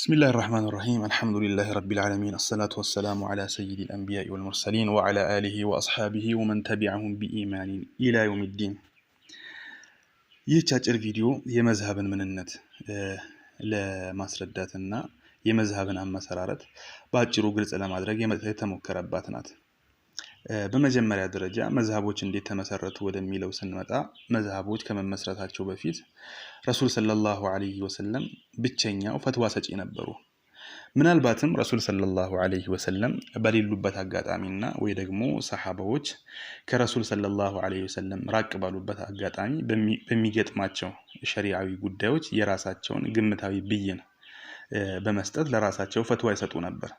بسم الله الرحمن الرحيم الحمد لله رب العالمين الصلاة والسلام على سيد الأنبياء والمرسلين وعلى آله وأصحابه ومن تبعهم بإيمان إلى يوم الدين يتشاج الفيديو يمذهبا من النت لما سرداتنا من የመዝሃብን بعد جروق ግልጽ ለማድረግ የተሞከረባት ናት። በመጀመሪያ ደረጃ መዝሃቦች እንዴት ተመሰረቱ ወደሚለው ስንመጣ መዝሃቦች ከመመስረታቸው በፊት ረሱል ሰለላሁ ዐለይሂ ወሰለም ብቸኛው ፈትዋ ሰጪ ነበሩ። ምናልባትም ረሱል ሰለላሁ ዐለይሂ ወሰለም በሌሉበት አጋጣሚና ወይ ደግሞ ሰሓባዎች ከረሱል ሰለላሁ ዐለይሂ ወሰለም ራቅ ባሉበት አጋጣሚ በሚገጥማቸው ሸሪዓዊ ጉዳዮች የራሳቸውን ግምታዊ ብይን በመስጠት ለራሳቸው ፈትዋ ይሰጡ ነበር።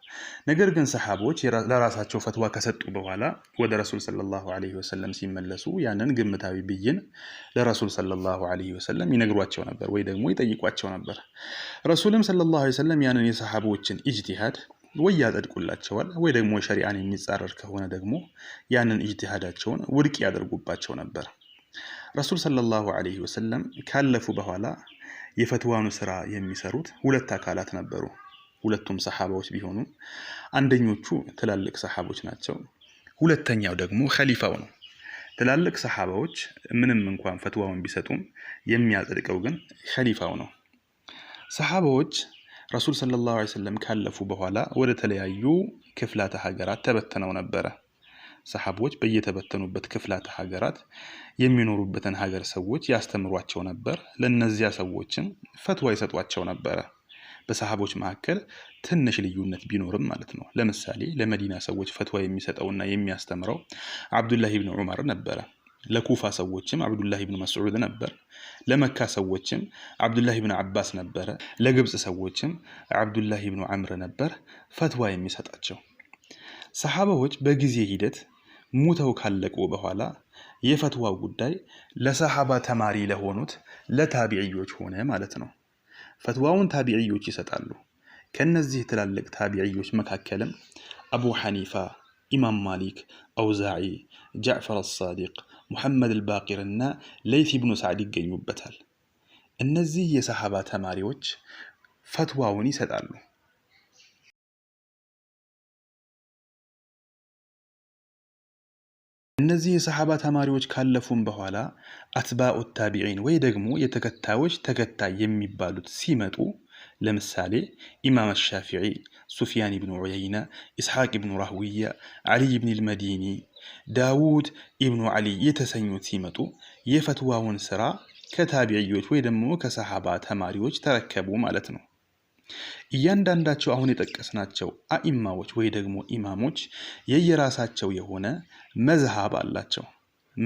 ነገር ግን ሰሓቦች ለራሳቸው ፈትዋ ከሰጡ በኋላ ወደ ረሱል ሰለላሁ ዐለይሂ ወሰለም ሲመለሱ ያንን ግምታዊ ብይን ለረሱል ሰለላሁ ዐለይሂ ወሰለም ይነግሯቸው ነበር ወይ ደግሞ ይጠይቋቸው ነበር። ረሱልም ሰለላሁ ዐለይሂ ወሰለም ያንን የሰሓቦችን ኢጅቲሃድ ወይ ያጸድቁላቸዋል ወይ ደግሞ ሸሪአን የሚጻረር ከሆነ ደግሞ ያንን ኢጅቲሃዳቸውን ውድቅ ያደርጉባቸው ነበር። ረሱል ሰለላሁ ዐለይሂ ወሰለም ካለፉ በኋላ የፈትዋኑ ስራ የሚሰሩት ሁለት አካላት ነበሩ። ሁለቱም ሰሓባዎች ቢሆኑ አንደኞቹ ትላልቅ ሰሓቦች ናቸው። ሁለተኛው ደግሞ ኸሊፋው ነው። ትላልቅ ሰሓባዎች ምንም እንኳን ፈትዋውን ቢሰጡም የሚያጸድቀው ግን ኸሊፋው ነው። ሰሓባዎች ረሱል ሰለላሁ ዐለይሂ ወሰለም ካለፉ በኋላ ወደ ተለያዩ ክፍላተ ሀገራት ተበትነው ነበረ። ሰሓቦች በየተበተኑበት ክፍላተ ሀገራት የሚኖሩበትን ሀገር ሰዎች ያስተምሯቸው ነበር። ለእነዚያ ሰዎችም ፈትዋ ይሰጧቸው ነበረ። በሰሃቦች መካከል ትንሽ ልዩነት ቢኖርም ማለት ነው። ለምሳሌ ለመዲና ሰዎች ፈትዋ የሚሰጠውና የሚያስተምረው አብዱላህ ብን ዑመር ነበረ። ለኩፋ ሰዎችም አብዱላህ ብን መስዑድ ነበር። ለመካ ሰዎችም አብዱላህ ብን አባስ ነበረ። ለግብፅ ሰዎችም አብዱላህ ብን አምር ነበር ፈትዋ የሚሰጣቸው። ሰሃባዎች በጊዜ ሂደት ሙተው ካለቁ በኋላ የፈትዋው ጉዳይ ለሰሐባ ተማሪ ለሆኑት ለታቢዕዮች ሆነ ማለት ነው። ፈትዋውን ታቢዕዮች ይሰጣሉ። ከነዚህ ትላልቅ ታቢዕዮች መካከልም አቡ ሐኒፋ፣ ኢማም ማሊክ፣ አውዛዒ፣ ጃዕፈር አሳዲቅ፣ ሙሐመድ አልባቂር እና ለይት ብኑ ሳዕድ ይገኙበታል። እነዚህ የሰሓባ ተማሪዎች ፈትዋውን ይሰጣሉ። እነዚህ የሰሐባ ተማሪዎች ካለፉም በኋላ አትባኡ ታቢዒን ወይ ደግሞ የተከታዮች ተከታይ የሚባሉት ሲመጡ ለምሳሌ ኢማም አሻፊዒ፣ ሱፊያን ብኑ ዑየይና፣ ኢስሐቅ ብኑ ራህውያ፣ አሊይ ብን ልመዲኒ፣ ዳውድ ኢብኑ አሊ የተሰኙት ሲመጡ የፈትዋውን ስራ ከታቢዕዮች ወይ ደግሞ ከሰሃባ ተማሪዎች ተረከቡ ማለት ነው። እያንዳንዳቸው አሁን የጠቀስናቸው አኢማዎች ወይ ደግሞ ኢማሞች የየራሳቸው የሆነ መዝሃብ አላቸው።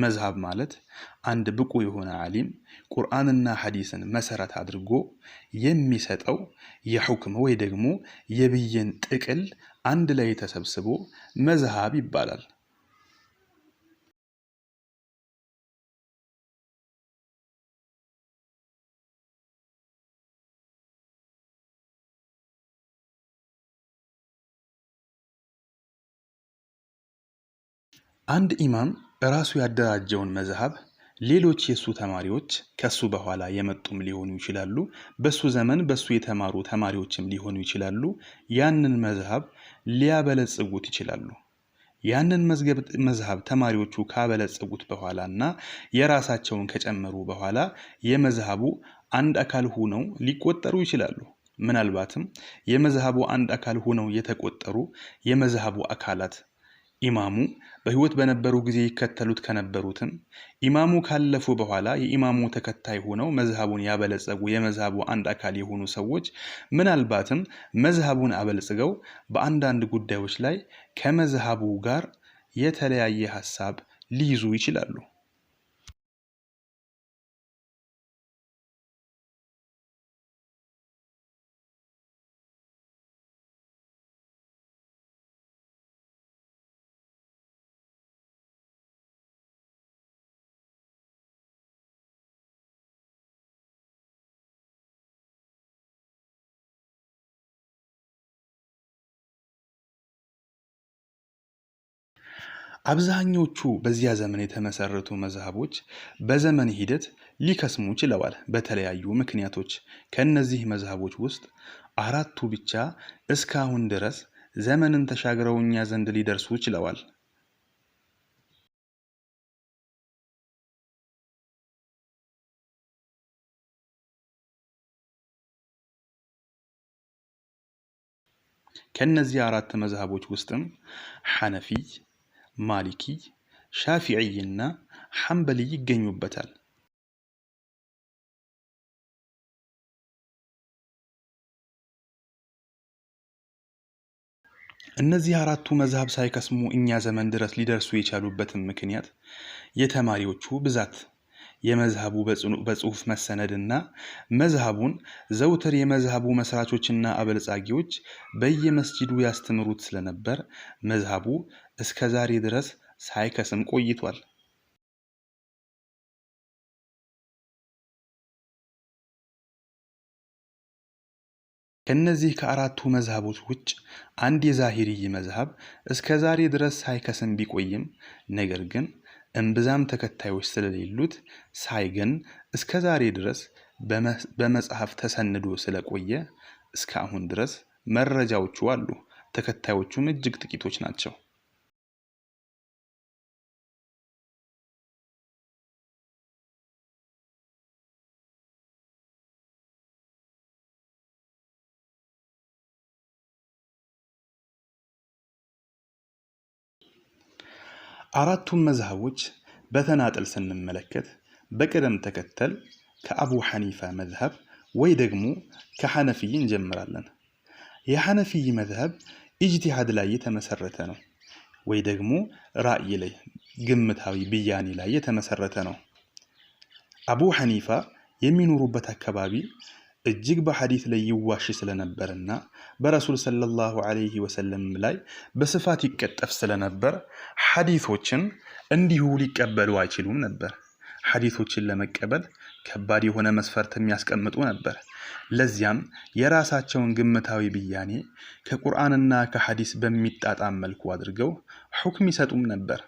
መዝሃብ ማለት አንድ ብቁ የሆነ ዓሊም ቁርአንና ሐዲስን መሰረት አድርጎ የሚሰጠው የሑክም ወይ ደግሞ የብይን ጥቅል አንድ ላይ ተሰብስቦ መዝሃብ ይባላል። አንድ ኢማም ራሱ ያደራጀውን መዝሃብ ሌሎች የእሱ ተማሪዎች ከሱ በኋላ የመጡም ሊሆኑ ይችላሉ። በሱ ዘመን በሱ የተማሩ ተማሪዎችም ሊሆኑ ይችላሉ። ያንን መዝሃብ ሊያበለጽጉት ይችላሉ። ያንን መዝሃብ ተማሪዎቹ ካበለጸጉት በኋላ እና የራሳቸውን ከጨመሩ በኋላ የመዝሃቡ አንድ አካል ሆነው ሊቆጠሩ ይችላሉ። ምናልባትም የመዝሃቡ አንድ አካል ሆነው የተቆጠሩ የመዝሃቡ አካላት ኢማሙ በሕይወት በነበሩ ጊዜ ይከተሉት ከነበሩትም ኢማሙ ካለፉ በኋላ የኢማሙ ተከታይ ሆነው መዝሃቡን ያበለጸጉ የመዝሃቡ አንድ አካል የሆኑ ሰዎች ምናልባትም መዝሃቡን አበልጽገው በአንዳንድ ጉዳዮች ላይ ከመዝሃቡ ጋር የተለያየ ሀሳብ ሊይዙ ይችላሉ። አብዛኞቹ በዚያ ዘመን የተመሰረቱ መዝሃቦች በዘመን ሂደት ሊከስሙ ችለዋል በተለያዩ ምክንያቶች። ከእነዚህ መዝሃቦች ውስጥ አራቱ ብቻ እስካሁን ድረስ ዘመንን ተሻግረው እኛ ዘንድ ሊደርሱ ችለዋል። ከእነዚህ አራት መዝሃቦች ውስጥም ሐነፊይ ማሊኪ፣ ሻፊዕይ እና ሐንበሊ ይገኙበታል። እነዚህ አራቱ መዝሃብ ሳይከስሙ እኛ ዘመን ድረስ ሊደርሱ የቻሉበትን ምክንያት የተማሪዎቹ ብዛት፣ የመዝሀቡ በጽሁፍ መሰነድ እና መዝሀቡን ዘውትር የመዝሀቡ መስራቾችና አበልጻጊዎች በየመስጂዱ ያስተምሩት ስለነበር መዝሃቡ እስከ ዛሬ ድረስ ሳይከስም ቆይቷል። ከእነዚህ ከአራቱ መዝሃቦች ውጭ አንድ የዛሂርይ መዝሃብ እስከ ዛሬ ድረስ ሳይከስም ቢቆይም ነገር ግን እምብዛም ተከታዮች ስለሌሉት ሳይገን እስከ ዛሬ ድረስ በመጽሐፍ ተሰንዶ ስለቆየ እስከ አሁን ድረስ መረጃዎቹ አሉ። ተከታዮቹም እጅግ ጥቂቶች ናቸው። አራቱን መዝሃቦች በተናጠል ስንመለከት በቅደም ተከተል ከአቡ ሐኒፋ መዝሃብ ወይ ደግሞ ከሐነፊይ እንጀምራለን። የሐነፊይ መዝሃብ ኢጅቲሃድ ላይ የተመሰረተ ነው፣ ወይ ደግሞ ራእይ ላይ ግምታዊ ብያኔ ላይ የተመሰረተ ነው። አቡ ሐኒፋ የሚኖሩበት አካባቢ እጅግ በሐዲት ላይ ይዋሽ ስለነበርና በረሱል ሰለላሁ ዐለይሂ ወሰለም ላይ በስፋት ይቀጠፍ ስለነበር ሐዲቶችን እንዲሁ ሊቀበሉ አይችሉም ነበር። ሐዲቶችን ለመቀበል ከባድ የሆነ መስፈርት የሚያስቀምጡ ነበር። ለዚያም የራሳቸውን ግምታዊ ብያኔ ከቁርአንና ከሐዲስ በሚጣጣም መልኩ አድርገው ሑክም ይሰጡም ነበር።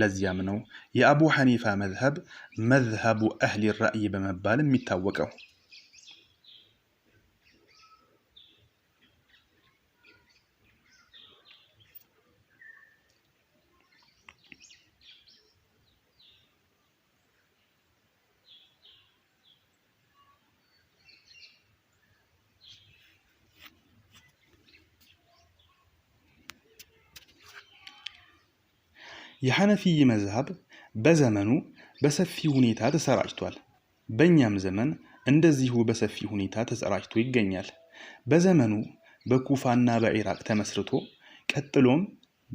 ለዚያም ነው የአቡ ሐኒፋ መዝሀብ መዝሀቡ አህሊ ራእይ በመባል የሚታወቀው። የሐነፊይ መዝሃብ በዘመኑ በሰፊ ሁኔታ ተሰራጭቷል። በእኛም ዘመን እንደዚሁ በሰፊ ሁኔታ ተሰራጭቶ ይገኛል። በዘመኑ በኩፋና በኢራቅ ተመስርቶ ቀጥሎም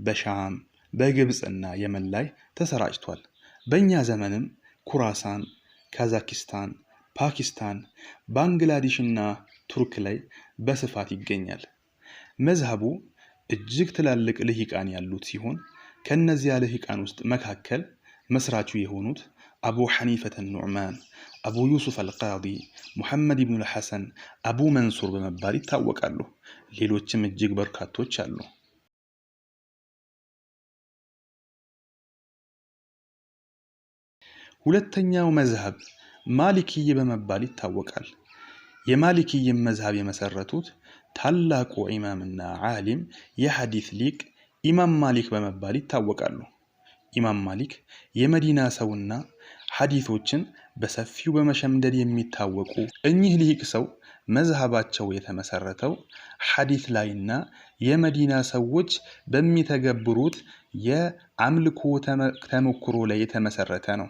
በሻም በግብፅና የመን ላይ ተሰራጭቷል። በእኛ ዘመንም ኩራሳን፣ ካዛኪስታን፣ ፓኪስታን፣ ባንግላዴሽ እና ቱርክ ላይ በስፋት ይገኛል። መዝሃቡ እጅግ ትላልቅ ልሂቃን ያሉት ሲሆን ከእነዚያ ልሂቃን ውስጥ መካከል መስራቹ የሆኑት አቡ ሐኒፈተ ኑዕማን፣ አቡ ዩሱፍ አልቃዲ፣ ሙሐመድ ብኑ ልሐሰን፣ አቡ መንሱር በመባል ይታወቃሉ። ሌሎችም እጅግ በርካቶች አሉ። ሁለተኛው መዝሀብ ማሊክይ በመባል ይታወቃል። የማሊክይን መዝሀብ የመሰረቱት ታላቁ ኢማምና ዓሊም የሐዲስ ሊቅ ኢማም ማሊክ በመባል ይታወቃሉ። ኢማም ማሊክ የመዲና ሰውና ሐዲቶችን በሰፊው በመሸምደድ የሚታወቁ እኚህ ሊቅ ሰው መዝሃባቸው የተመሰረተው ሐዲት ላይና የመዲና ሰዎች በሚተገብሩት የአምልኮ ተሞክሮ ላይ የተመሰረተ ነው።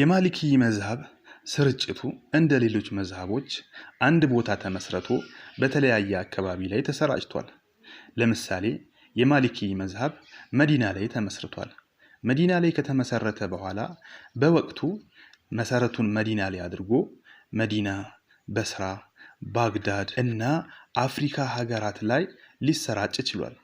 የማሊኪ መዝሃብ ስርጭቱ እንደ ሌሎች መዝሃቦች አንድ ቦታ ተመስርቶ በተለያየ አካባቢ ላይ ተሰራጭቷል። ለምሳሌ የማሊኪ መዝሃብ መዲና ላይ ተመስርቷል። መዲና ላይ ከተመሰረተ በኋላ በወቅቱ መሰረቱን መዲና ላይ አድርጎ መዲና፣ በስራ፣ ባግዳድ እና አፍሪካ ሀገራት ላይ ሊሰራጭ ችሏል።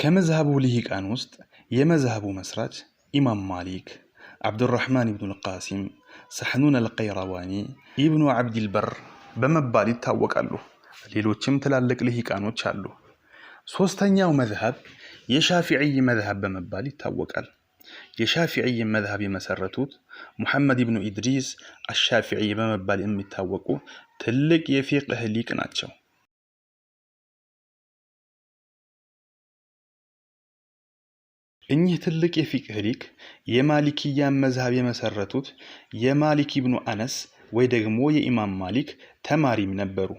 ከመዝሃቡ ልሂቃን ውስጥ የመዝሃቡ መስራች ኢማም ማሊክ፣ አብዱራህማን ኢብኑ ልቃሲም፣ ሰሕኑን አልቀይራዋኒ፣ ኢብኑ አብዲልበር በመባል ይታወቃሉ። ሌሎችም ትላልቅ ልሂቃኖች አሉ። ሶስተኛው መዝሃብ የሻፊዕይ መዝሃብ በመባል ይታወቃል። የሻፊዕይ መዝሃብ የመሰረቱት ሙሐመድ ኢብኑ ኢድሪስ አሻፊዕይ በመባል የሚታወቁ ትልቅ የፊቅህ ሊቅ ናቸው። እኚህ ትልቅ የፊቅህ ሊቅ የማሊኪያን መዝሃብ የመሰረቱት የማሊክ ኢብኑ አነስ ወይ ደግሞ የኢማም ማሊክ ተማሪም ነበሩ።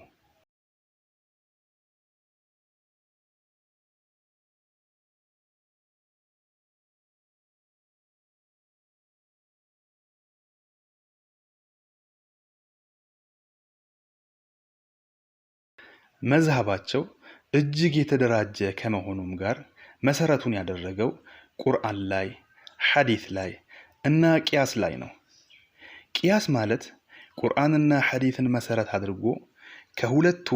መዝሃባቸው እጅግ የተደራጀ ከመሆኑም ጋር መሰረቱን ያደረገው ቁርአን ላይ፣ ሐዲት ላይ እና ቅያስ ላይ ነው። ቅያስ ማለት ቁርአንና ሐዲትን መሰረት አድርጎ ከሁለቱ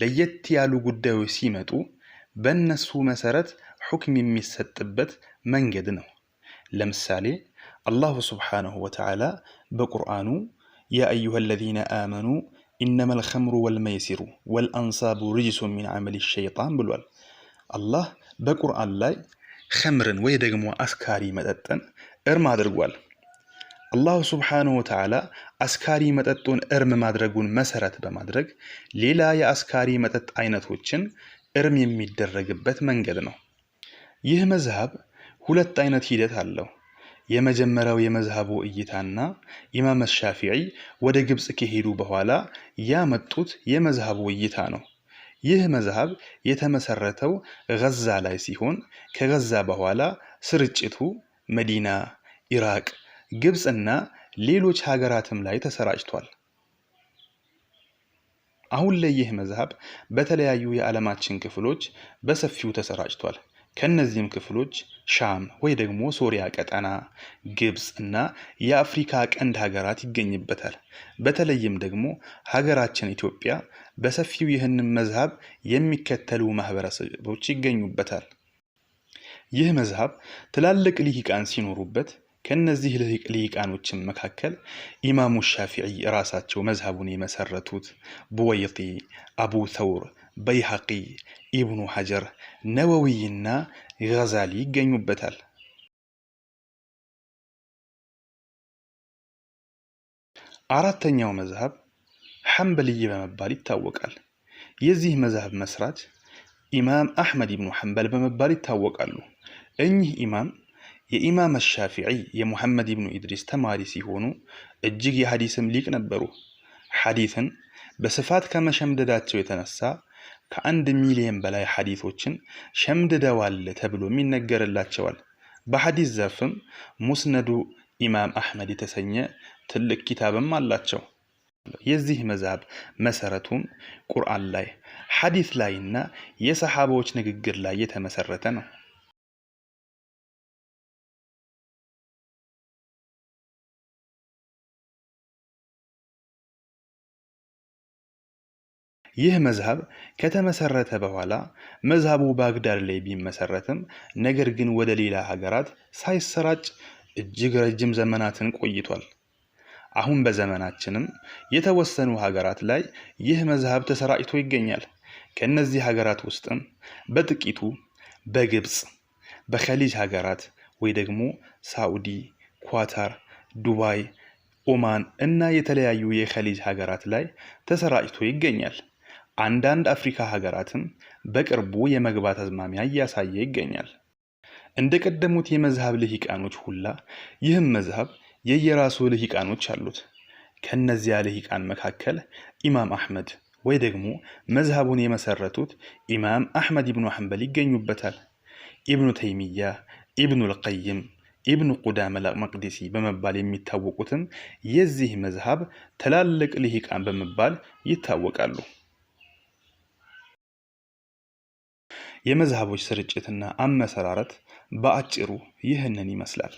ለየት ያሉ ጉዳዮች ሲመጡ በእነሱ መሰረት ሑክም የሚሰጥበት መንገድ ነው። ለምሳሌ አላሁ ስብሓነሁ ወተዓላ በቁርአኑ ያ አዩሃ ለዚነ አመኑ ኢነመል ኸምሩ ወልመይሲሩ ወልአንሳቡ ርጅሱ ሚን ዐመሊ ሸይጣን ብሏል። አላህ በቁርአን ላይ ከምርን ወይ ደግሞ አስካሪ መጠጥን እርም አድርጓል። አላሁ ስብሓንሁ ወተዓላ አስካሪ መጠጡን እርም ማድረጉን መሰረት በማድረግ ሌላ የአስካሪ መጠጥ አይነቶችን እርም የሚደረግበት መንገድ ነው። ይህ መዝሃብ ሁለት አይነት ሂደት አለው። የመጀመሪያው የመዝሃቡ እይታና ኢማም ሻፊዒ ወደ ግብፅ ከሄዱ በኋላ ያመጡት የመዝሃቡ እይታ ነው። ይህ መዝሃብ የተመሰረተው ገዛ ላይ ሲሆን ከገዛ በኋላ ስርጭቱ መዲና፣ ኢራቅ፣ ግብፅና ሌሎች ሀገራትም ላይ ተሰራጭቷል። አሁን ላይ ይህ መዝሃብ በተለያዩ የዓለማችን ክፍሎች በሰፊው ተሰራጭቷል። ከነዚህም ክፍሎች ሻም ወይ ደግሞ ሶሪያ ቀጠና፣ ግብፅ እና የአፍሪካ ቀንድ ሀገራት ይገኝበታል። በተለይም ደግሞ ሀገራችን ኢትዮጵያ በሰፊው ይህንን መዝሃብ የሚከተሉ ማህበረሰቦች ይገኙበታል። ይህ መዝሃብ ትላልቅ ልሂቃን ሲኖሩበት ከነዚህ ልሂቃኖችን መካከል ኢማሙ ሻፊዒ ራሳቸው መዝሃቡን የመሰረቱት ቡወይጢ፣ አቡ ተውር፣ በይሐቂ፣ ኢብኑ ሐጀር፣ ነወዊይና ገዛሊ ይገኙበታል። አራተኛው መዝሃብ ሐንበልይ በመባል ይታወቃል። የዚህ መዝሃብ መስራች ኢማም አሕመድ ኢብኑ ሐንበል በመባል ይታወቃሉ። እኚህ ኢማም የኢማም አሻፊዒ የሙሐመድ ኢብኑ ኢድሪስ ተማሪ ሲሆኑ እጅግ የሐዲስም ሊቅ ነበሩ። ሐዲትን በስፋት ከመሸምደዳቸው የተነሳ ከአንድ ሚሊዮን በላይ ሐዲቶችን ሸምድደዋል ተብሎ ይነገርላቸዋል። በሐዲስ ዘርፍም ሙስነዱ ኢማም አሕመድ የተሰኘ ትልቅ ኪታብም አላቸው። የዚህ መዛብ መሰረቱም ቁርአን ላይ ሐዲስ እና የሰሐቦች ንግግር ላይ የተመሰረተ ነው። ይህ መዝሃብ ከተመሰረተ በኋላ መዝሃቡ ባግዳድ ላይ ቢመሰረትም ነገር ግን ወደ ሌላ ሀገራት ሳይሰራጭ እጅግ ረጅም ዘመናትን ቆይቷል። አሁን በዘመናችንም የተወሰኑ ሀገራት ላይ ይህ መዝሀብ ተሰራጭቶ ይገኛል። ከእነዚህ ሀገራት ውስጥም በጥቂቱ በግብፅ፣ በከሊጅ ሀገራት ወይ ደግሞ ሳዑዲ፣ ኳታር፣ ዱባይ፣ ኦማን እና የተለያዩ የከሊጅ ሀገራት ላይ ተሰራጭቶ ይገኛል። አንዳንድ አፍሪካ ሀገራትም በቅርቡ የመግባት አዝማሚያ እያሳየ ይገኛል። እንደ ቀደሙት የመዝሀብ ልሂቃኖች ሁላ ይህም መዝሀብ የየራሱ ልሂቃኖች አሉት። ከነዚያ ልሂቃን መካከል ኢማም አሕመድ ወይ ደግሞ መዝሃቡን የመሰረቱት ኢማም አሕመድ ኢብኑ ሐንበል ይገኙበታል። ኢብኑ ተይሚያ፣ ኢብኑ ልቀይም፣ ኢብኑ ቁዳመ መቅዲሲ በመባል የሚታወቁትም የዚህ መዝሃብ ትላልቅ ልሂቃን በመባል ይታወቃሉ። የመዝሃቦች ስርጭትና አመሰራረት በአጭሩ ይህንን ይመስላል።